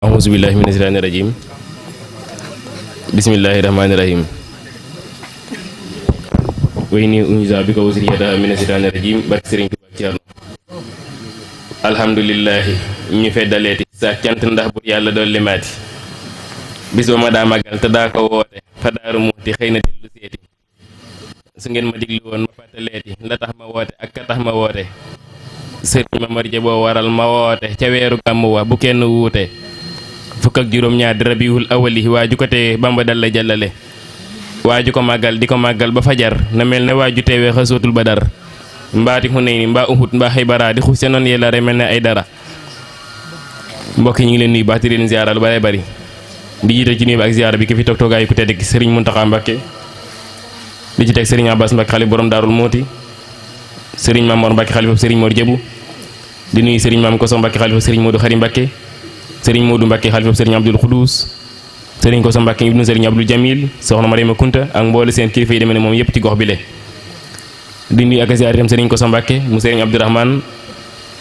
auzu billahi mina shaytaani rajim bismillahi rahmaani rahim way ni unisa bi ko wasriyata mina shaytaani rajim barke sëriñ Tuubaa Ceerno alhamdulillahi ñu feddaleeti sa cant ndax bu yàlla doon limaati bis ba ma te daa woote fa daaru muuti xëy na dellu seeti su ngeen ma diglu woon ma fàttaleeti la tax ma woote ak ka tax ma woote sëriñ ma marje boo waral ma woote ca weeru gàmm wa bu kenn wuute fukk ak juróom-ñaar di rabiwul awali waa ju ko teewee bamba dal la jàllale waa ju ko màggal di ko màggal ba fajar na mel ne waa ju teewee xasootul ba dar mbaati xuney ni mbaa uhut mbaa xibara di xus ca noonu yàlla mel ne ay dara mbokk yi ngi leen nuyu baax di leen bare bari di jiite ci nuyu bi ak ziara di ci teg sëriñ Abbas Mbacke xalif borom daarul mooti sëriñ maam Mor Mbacke xalifa sëriñ Mor Jëbu di nuyu sëriñ maam Koso Mbacke xalifa sëriñ Modou Xari Mbacke sëriñ Modou Mbacke xalifa sëriñ Abdul Xuduus sëriñ Koso Mbacke ibnu sëriñ Abdul Jamil soxna Mariama Kunta ak mboole seen kilifa yi demee ne moom yëpp ci gox bile le di nuyu ak ziar itam sëriñ Koso Mbacke mu sëriñ Abdourahman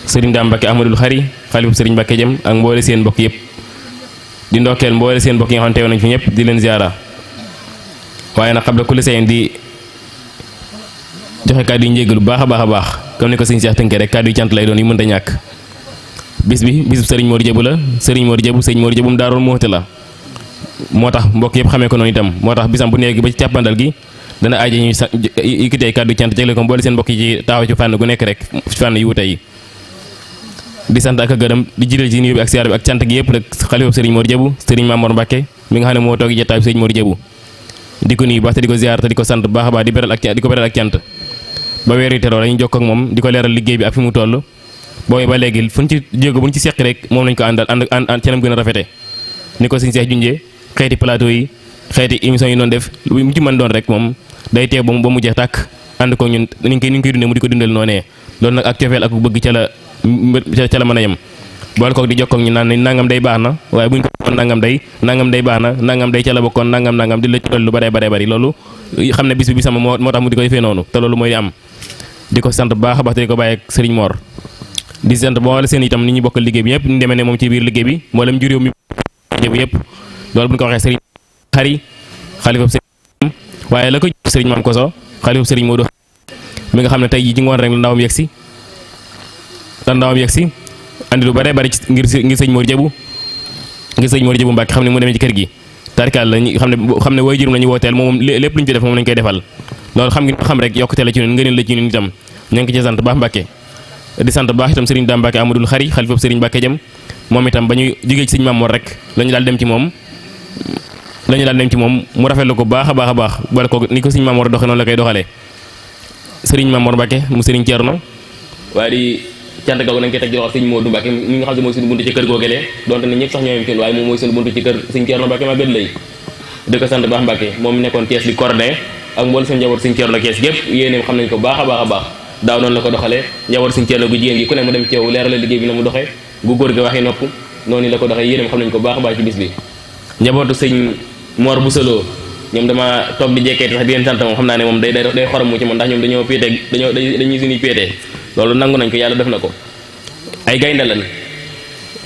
sëriñ Daam Mbacke Ahmadul Xari xalifa sëriñ Mbacke jëm ak mboole seen mbokk yëpp di ndokkeel mboole seen mbokk yi nga xam teew nañ fi ñëpp di leen ziara joxe kàddu yi njéggalu baax a baax a baax comme ni ko sëñ Cheikh tënkee rek kàddu yi cant lay doon yu mënta ñàkk bis bi bisub sëriñ moo Diabou la sëriñ Modou Diabou mu daaroon moote la moo tax mbokk yëpp xamee ko noonu itam moo tax bisam bu nekk ba ci càppandal gi dana aaja sa yëkkatee kàddu cant jagle ko mboole seen mbokk yi ci taxaw ci fànn gu nekk rek fànn yu wute yi di sant ak a gërëm di jiital ci nuyu bi ak siyaar bi ak cant gi yëpp rek xalifa sëriñ Modou Diabou sëriñ Mamour Mbacké mi nga xam ne moo toog jataay bi sëriñ Modou Diabou di ko nuyu baax te a baax di ba té teroo dañuy jokk ak moom di léral liggéey bi ak fi mu toll boobu ba légui fuñ ci jéego buñ ci sék rek mom lañ ko andal and and ci gën gëna rafete niko señ cheikh seex xéti plateau yi xéti émission yi non def mu ci man doon rek moom day té ba mu ba mu and ko ñun ni ngi ni ngi dundé mu di dundal noné loolu nak ak tiofel ak bëgg ci la ci la mëna a yem boole di jokk ak ñu nan nangam day baxna way buñ ko won nangam day nangam day baxna nangam day ci la nangam nangam di la ci lu bari bari bari lolu xamne ne bis bi sama motax mu di ko defee noonu te loolu di am di ko sant bu baax ba baax te di ko bàyyi ak Serigne Mor di sant boole seen itam ni ñu bokk liggéey bi yëpp ñu demee ne moom ci biir liggéey bi mboolem juróom mi bi yëpp loolu bu ñu ko waxee Serigne Xari xalifa Serigne waaye la ko Serigne Maam Koso xalifa Serigne Modou nga xam ne tey jii ci ngoon rek la ndawam yegsi la ndawam yegsi andi lu bare bari ci ngir ngir sëñ Mor Jabu ngir sëñ Mor Jabu Mbàkke xam ne mu demee ci kër gi tarkaal la xam ne xam ne waajuram la ñu wooteel moom lépp lu ñu ci def moom lañ koy defal loolu xam ngeen ko xam rek yokkute la ci ñun ngëneel la ci ñun itam ñoo ngi sant baax Mbàkke di sant baax itam Serigne Daa Mbàkke Amadul Xari xalifa Serigne Mbàkke jëm moom itam ba ñuy jógee ci Serigne Mamoor rek la ñu dem ci moom la ñu daal ci moom mu rafetlu ko baax a baax a baax boole ko ni ko Serigne Mamoor doxee noonu la koy doxalee Serigne Mamoor Mbàkke mu Serigne Thierno waaye di cant googu nañ koy teg di loxo Serigne Modou Mbàkke mi nga xam ne mooy suñu moom mooy suñu buntu ci kër ko sant nekkoon Thiès di coordonné ak mboolem seen njaboot suñ ceerno kees gépp yéeneem xam nañ ko baax a baax a baax daaw noonu la ko doxalee njaboot suñ ceerno gu jigéen gi ku ne mu dem ci yow leerala liggéey bi na mu doxee gu góor gi waxi nopp noonu la ko doxee yéeneem xam nañ ko baax a baax ci bis bi njabootu sëñ Mor Boussalo ñoom dama toog di jekkee sax di leen moom xam naa ne moom day day xorom mu ci moom ndax ñoom dañoo péete dañoo dañuy loolu nangu nañ ko yàlla def na ko ay gaynde lañ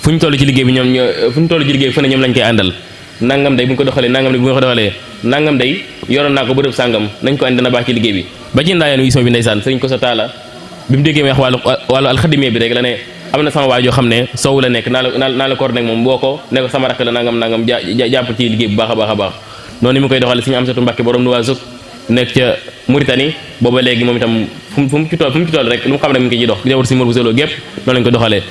fu ñu toll ci liggéey bi ñoom fu ñu toll ci liggéey bi ñoom lañ koy àndal nangam day bu ko doxalee nangam day bu ñu ko doxalee nangam yoroon naa ko bërëb sàngam nañ ko andi dana baax ci liggéey bi ba ci ndaayeen wi bi ndeysaan sëriñ ko sa taala bi mu déggee may wax wàllu alxadimee bi rek la ne am na sama waajoo xam ne sow la nekk naa la naa la koor nekk moom ko ne ko sama rakk la a baax a baax noonu mu koy doxale suñu am satu booba léegi moom itam fu mu fu mu ci toll fu mu ci toll rek lu mu xam rek mi ngi ciy dox di ko doxalee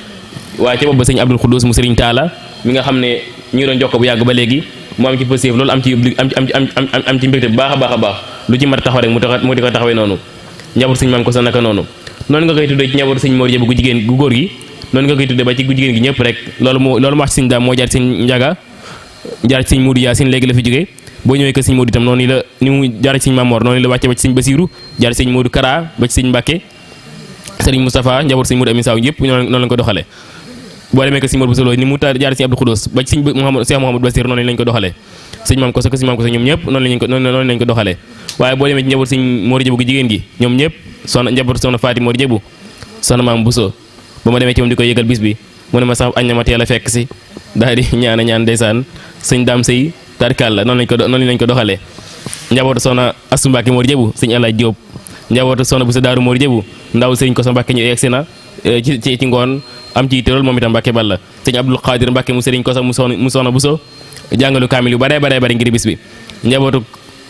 waaye ca booba sëñ Abdul Xudus mu sëriñ Taala mi nga xam ne ñu ngi doon jokko bu yàgg ba léegi mu am ci positif loolu am ci am baax a baax a baax lu ci mat a taxaw rek mu tax mu di ko taxawee noonu njaboot sëñ maam ko sa naka noonu noonu nga koy tuddee ci njaboot sëñ Moodu yaa léegi la fi jógee boo ñëwee ko sëñ Moodu itam noonu la ni mu jaar ci sëñ Maam Mor noonu la wàcce ba ci sëñ Basiiru jaar ci Moodu Kara ba ci sëñ Mbàkke sëriñ Moustapha njaboot sëñ Moodu Amin Saaw yëpp noonu la ko doxalee boo demee ko sëñ Mor Bousso Lo ni mu ta jaar sëñ Abdou Khoudoss ba sëñ Mouhamadou Cheikh Mouhamadou Bassir noonu lañ Jëbu gi jigéen gi ñoom ñëpp soxna njaboot soxna na ma teel a a Jëbu sëñ Alaaj Jóob njabootu soxna Bousso Daaru Mor Jëbu ndaw sëñ ko sa Mbàkke ñu egsi na eh, ci ngoon am ci yittelool moom itam Balla sëñ Abdul Qadir Mbàkke mu sëriñ Kosa mu soxna mu Buso jangalu kamil yu bare bare bare ngir bis bi njabotu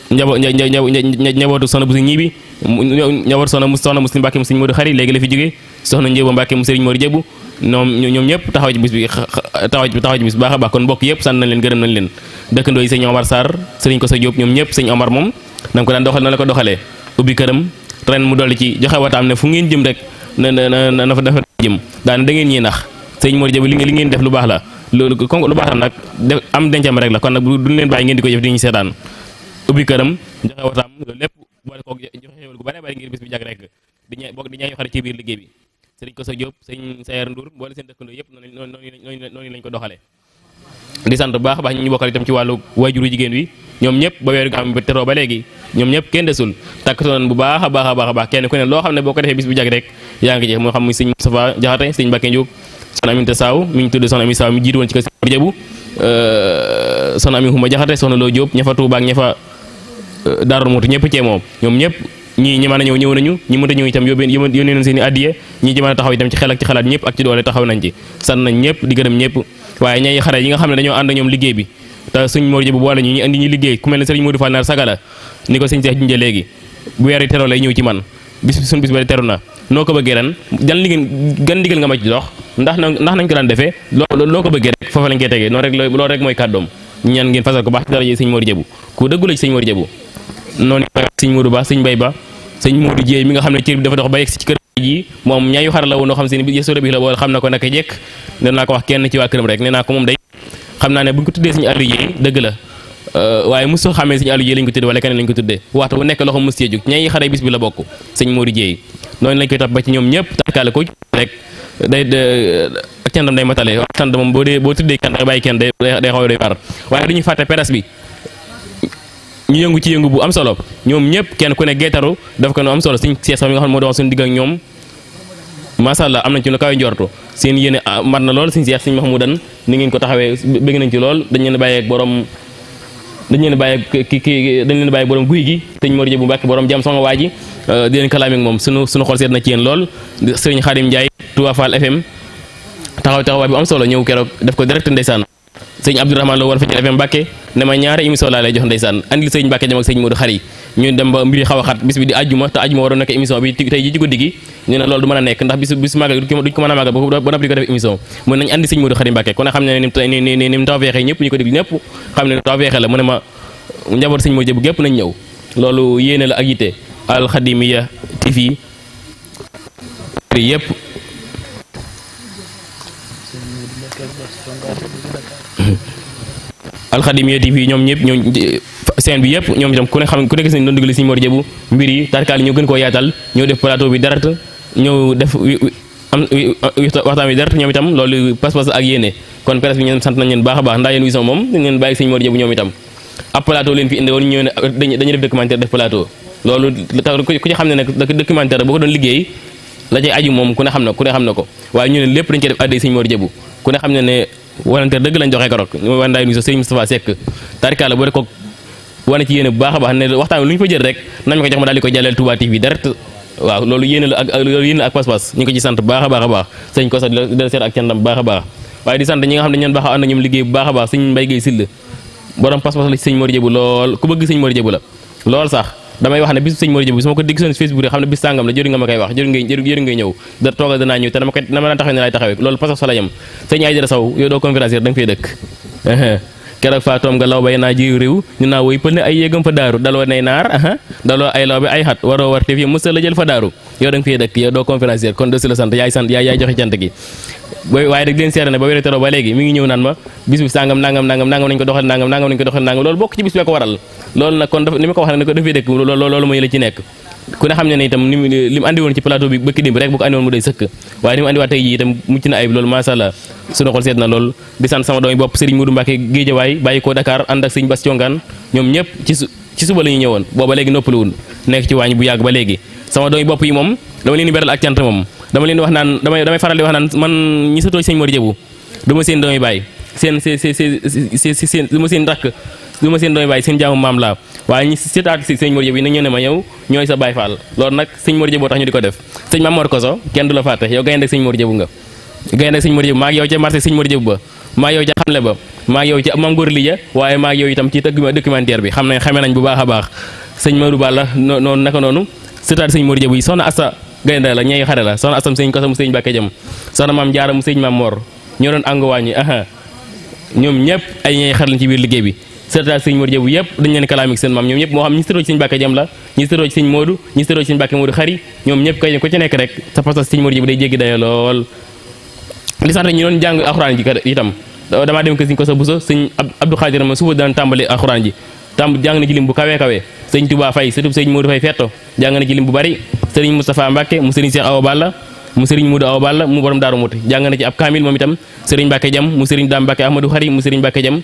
njabo njabotu sona Buso ñii bi sona soxna mu soxna Muslim Mbàkke mu sëriñ modou Xari léegi la fi jógee soxna njebu Mbàkke mu sëriñ modou Jëbu ñom ñom ñep taxaw ci bis bi taxaw ci taxaw ci bis baaxa ba kon mbokk yep san nañ leen gëreem nañ leen dekk ndoy sëñ Omar Sarr sëriñ Kosa Diop ñom ñep sëñ Omar mom na ko dan doxal na la ko doxale ubi kërëm ren mu doli ci joxe watam ne fu ngeen jëm rek na na na fa dafa jëm daane da ngeen ñi nax sëñ Mor Diop li ngeen def lu baax la loolu kon lu baax la nag def am dencam rek la kon nag duñ leen bàyyi ngeen di ko jëf di ñu seetaan ubbi këram joxe wataam loolu lépp boole koog joxe xéwal gu bare bare ngir bis bi jag rek di ña bokk ci biir liggéey bi sëriñ Koso Diop sëñ Sayar Ndour boole seen dëkkandoo yëpp noonu noonu lañ ko doxale di sant bu baax baax ñu bokkal itam ci wàllu waajuru jigéen wi ñom ñep ba weeru gam bi téro ba léegi ñoom ñëpp kenn desul takkatoon bu baaxa baaxa baaxa baax a ku ne lo xam boko défé bis bu jagg rek yaa ngi jeex moo xam muy sëñ Moustapha Jaxate sëñ Mbacke Ndiouk son Aminta Tassaw mi ñu tuddu son Ami Saw mi jiitu won ci kër sëñ Jabu soxna Ami Xuma Jaxate soxna Loo Jóob ña fa Tuubaa ak ñafa fa Daaru Mutu ñëpp cee moom ñoom ñëpp ñii ñi mëna ñew ñew nañu ñi mënta ñew itam yóbbee yone nañ seen adiyé ñi ñii ci mën taxaw itam ci xel ak ci xalaat ñep ak ci doole taxaw nañ ci san nañ ñep di gëreem ñep waye ñay xaré yi nga xam ne and ànd ñoom liggéey bi sëñ Mor Diop wala ñu ñi andi ñi liggéey ku melni ne sëriñ Modou Fall Nar Sagala ni ko sëñ Cheikh junjee léegi bu yari téro lay ñew ci man bis suñu bis ba teru na noo ko bëggee ren gan li ngeen gan ndigal nga ma ci dox ndax ndax nañ ko daan défé loo loo ko bëggee rek foofa lañ koy tegee noonu rek lo rek moy kaddom ñan ngeen fasal ko baax ci dara sëñ Mor Diop ku deggul la ci sëñ Mor Diop noonu sëñ Modou Ba sëñ Bay Ba sëñ Modou Dieye mi nga xamné ci dafa dox ba yegg ci kër mom moom ñaayu xar la woon xam si bi yesu rabbi la woon xamna ko naka jek danaa ko wax kenn ci wa kërëm rek nee ko mom day xam naa ne bu ñu ko tuddee suñu Aliou Dieye dëgg la euh, waaye mosu xamee suñu Aliou Dieye ko tuddee waxtu bu nekk loxo mos cee la bokk sëñ Modou Dieye noonu lañ koy topp ba ci ñoom ñëpp tàkkaale ko rek day ak candam day matale ci yëngu bu am solo ñoom ñëpp kenn ku ne geetaru daf ko no am solo suñ sees ma nga xam moo doon suñu digg ak ñoom macha allah am nañ ci lu kaw njortu seen yéene ah, mat na lool suñ sees suñ Mahmoudan ni ngeen ko taxawee bëgg nañ ci lool dañ leen bàyyeeg borom dañ leen bàyyeeg ki ki dañ leen bàyyeeg borom guy gi sëñ Mor bu Mbàkke boroom jàmm sama waa ji euh, di leen kalaamee ak moom sunu sunu xol seet na ci yéen lool sëriñ Xaadim Njaay Touba Fall FM taxaw taxawaay bu am solo ñëw keroog def ko direct ndeysaan sëñ Abdourahmane Lo war fa ci FM Mbàkke dama ñaari émission la lay jox ndaysan andil seigne Mbàkke jam ak seigne Modou xari ñu dem ba mbiri xawa xat bis bi di aljuma ta aljuma waro nek émission bi tay ji ci guddi gi ñu na loolu du mëna nek ndax bis bis magal duñ ko mëna magal bu ba noppi ko def émission mëna ñu andi seigne Modou xari Mbàkke ko na xam ni ni ni ni taw feexee ñëpp ñu ko déglu ñëpp xam ne la mëna ma njabot seigne Modou jëb gépp nañ ñëw loolu yéene la ak yité al alxadimiya TV yëpp al khadimiyya tv ñom ñep ñoom seen bi yep ñom itam ku ne xam ku ne gis nañ doon dugal Serigne Mor mbir yi tarkaal ñu gën ko yaatal ñoo def plateau bi dara ñoo def am waxtaan bi dara ñom itam loolu pass pass ak yene kon presse bi ñeen sant nañ leen baax a baax ndaa yéen wi sama mom dañ leen bàyyi Serigne Mor Diabou itam ap plateau leen fi indi won ñëw dañu def documentaire def plateau loolu ku ci xam ne nag documentaire bu ko doon liggey la cay aju mom ku ne xam na ku ne xam na ko waaye ñu ne lepp dañ ci def addi seigne modjebu ku ne xam ne ne wanante dëgg lañ joxe keroog ñu wan la bu ko wane ci yéen bu baax a baax ne lu ñu fa jël rek nañ ko jox ma daal di ko jàllale Touba TV direct waaw loolu yéen la ak loolu yéen ak pas-pas ñu ngi ci sant baax a baax a baax sëñ ko ak cantam baax a baax waaye di sant ñi nga xam ne a ànd ñoom liggéey bu baax a baax sëñ Mbaye Gueye Sill borom pas la ci sëñ Mor lool ku bëgg sëñ Mor Diabou la lool sax damay wax ne bis sëñ Mor Diop su ma ko digg seen Facebook rek xam ne bis sàngam la jëriñ nga ma koy wax jëriñ ngay ñëw da toogal danaa ñëw te dama koy dama daan dëkk keroog faa toom nga law bay naa jiw réew ñu naa woy pël ne ay yéegam fa daaru daloo nay naar daloo ay law bi ay xat waroo war te fii mësa la jël fa daaru yow da nga dëkk yow doo conférencier kon doo la sant yaay yaay joxe cant gi waaye dag leen seera ne ba wér teroo ba léegi mi ngi ñëw naan ma bis bi sàngam nangam nangam nangam nañ ko doxal nangam loolu bokk ci bis bi ko waral loolu nekk ci waañ bu yàgg ba léegi sama doomi bopp yi moom dama leen di beral ak cant moom dama leen wax naan damay faral di wax naan man ñi sa sëñ Mor Jëbu ma seen doomi baay seen seen ma seen rakk du ma seen doomi maam laa waaye ñi setaat si sëñ Mor Jëbu yi nag ñoo ne ma yow ñooy sa baay faal lool nag sëñ Mor Jëbu tax ñu di ko def sëñ Maam Mor Koso kenn du la fàtte yow gaynde sëñ Mor Jëbu nga gaynde sëñ Mor Jëbu maa ngi yow ca marché sëñ Mor Jëbu ba maa ngi yow ca xamle ba maa ngi yow ca Maam Góor Lija waaye maa ngi yow itam ci documentaire bi xam nañ xamee nañ bu baax a baax sëñ Maodo Balla noonu naka noonu yi soxna Asta gënda la ñay xare la soxna asam sëñ ko sam sëñ bakay jam soxna mam jaara mu sëñ maam mor ñoo doon ang wañi aha ñom ñëpp ay ñay xare lañ ci bir liggey bi sërtaak sëñ mor jëbu yëpp dañ leen kalamik seen mam ñom ñëpp mo xam ñi sëroo ci jam la ñi sëroo ci sëñ moodu ñi sëroo ci sëñ bakke moodu xari ñom ñëpp kay ko ci nek rek sa pasas sëñ mor jëbu day jéggi dayo ya lool li sax ñu doon jang alquran ji itam dama dem ko sëñ ko sa buso sëñ abdou khadir ma suba daan tambali alquran ji tam jang na ci lim bu kawé kawé sëñ Touba Faye sëtub sëñ Modou Faye fetto jàng na ci lim bu bari sëriñ Moustapha Mbacke mu sëriñ Cheikh Awa Balla mu mu borom mu sëriñ Dame Mbacke Ahmadou mu sëriñ Mbacke Jam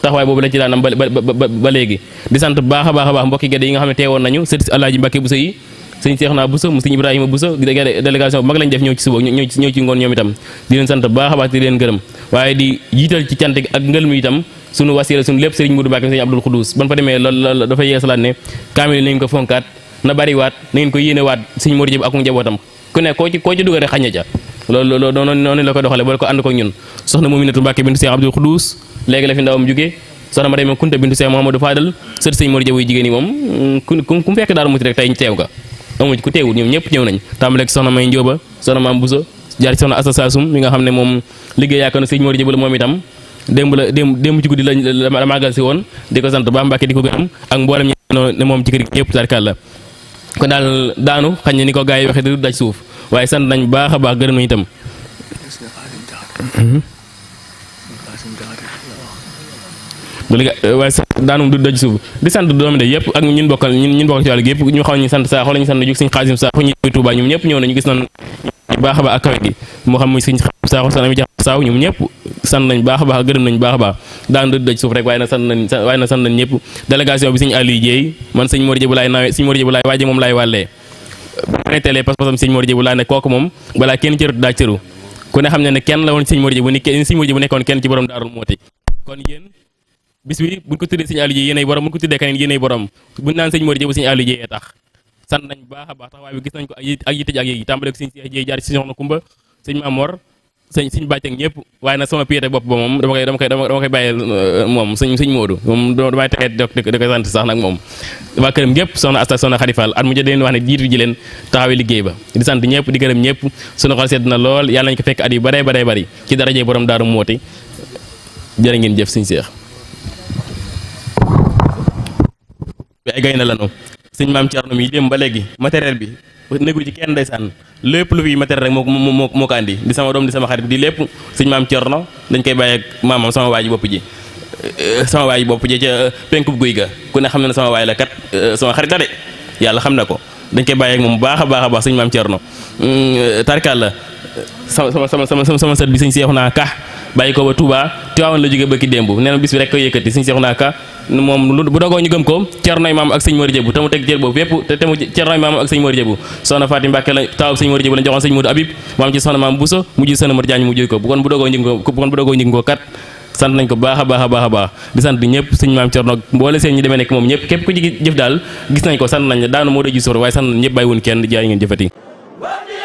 taxawaay boobu la ci daan ba ba léegi di sant baax a baax a baax mbokki gede yi nga xam ne teewoon nañu sët Alaaji Mbacke Bousso yi sëñ Cheikh naa Bousso mu sëñ Ibrahima Bousso délégation bu mag lañ def ñëw ci suba ñëw ci ngoon ñoom itam di leen sant baax a baax di leen gërëm waaye di sunu wasiila sunu lépp sëriñ Mudu Mbàkke sëriñ Abdul Xuduus ban fa demee loolu dafa yeesalaat ne kaamil nañ ko fonkaat na bariwaat na ngeen ko yéenewaat sëriñ Mudu Jëb ak njabootam ku ne koo ci koo ci dugal rek xañña ko doxale ba ko ànd ko ñun soxna sëriñ Abdul Xuduus nga xam ne moom liggéey yaakaar na sëriñ Mudu Jëb moom itam démb la démb démb ci guddi lañ la màggal si woon di ko sant baax Mbàkke di ko gërëm ak mboolem ñi ne moom ci kër gi yëpp tarkalla kon daal daanu xañ na ni ko gars yi waxee du daj suuf waaye sant nañ baax a baax gërëm nañu itam du liggéey eh, du daj suuf di sant doomi de yëpp ak ñun bokkal ñun bokkal ci wàll gi yëpp ñu xaw ñu sant saaxo la sant jóg suñ xaasim saaxo ñu Tuubaa ñoom nañu baax baax ak kawe gi moo xam muy sant nañ baax a baax gërëm nañ baax baax daan du daj suuf rek waaye na sant nañ waaye na sant nañ ñëpp délégation bi man suñ Mor Jëbu laay nawee suñ Mor Jëbu laay waaje moom laay wàllee nettalee pas-pasam suñ Mor Jëbu laa ne kooku moom balaa kenn cëru daa cëru ku ne bis bi buñ ko tuddé seigne Aliou yeenay borom buñ ko tuddé kanen yeenay borom buñ nan seigne modjé bu seigne Aliou Dieye tax san nañ baax a baax taxawaay bi gis nañ ko ak yitté ak yéegi tambalé ko seigne Cheikh jey jaar ci soxna Kumba seigne Mamor seigne seigne baye tek ñëpp waaye nag sama piété bop ba moom dama kay dama kay dama kay baye euh, mom seigne seigne Modou mom baye tek dok di ko sant sax nak mom waa kërëm ñëpp soxna Asta soxna Xarifal at mu jot leen wax ne jiitu ji leen taxawé liggéey ba di sant ñëpp di gërëm ñëpp suñu xol sét na lool yalla nañ ko fekk at yu bari baree bari ci darajee borom daaru moti jërë ngeen jëf sëñ Cheikh bi ay gaynde lanu sëñ maam Thierno mi dem ba léegi matériel bi négu ci kenn ndeysaan lépp lu fi matériel rek moo moo moo ko andi di sama doom di sama xarit di lépp sëñ maam Thierno dañ koy bàyyi ak maamam sama waa ji bopp ji eh, sama waay bopp ji ca eh, penkub guy ga ku ne xam na ne sama waay la kat eh, sama xarit la de yàlla xam ne ko dañ koy bàyyi ak moom baax a baax a baax sëñ maam Thierno mm, tarkaal la sama sama sama sama sama sët bi sëñ Seexuna Ka bàyyi ko ba Touba Tiwaawan la jóge bëkki démb nee na bis bi rek koy yëkkati sëñ Seexuna Ka moom lu bu dogoo ñu gëm ko Ceernoy maam ak sëñ Mor Jëbu te mu teg cër boobu yépp te te mu Ceernoy maam ak sëñ Mor Jëbu soxna Faati Mbàkke la taawab sëñ Mor Jëbu la joxoon sëñ Modou Abib maam ci soxna maam Bousso mujj soxna Mor Jaañ mu jëy ko bu kon bu dogoo ñu ko bu kon bu dogoo ñu ko kat sant nañ ko baax a baax a baax a baax di sant ñëpp suñu maam Cerno mboole seen ñu demee nekk moom ñëpp képp ku ci jëf daal gis nañ ko sant nañ la daanu moo doon ji sóor waaye sant nañ ñëpp bàyyi wuñ kenn jaay ngeen jëfati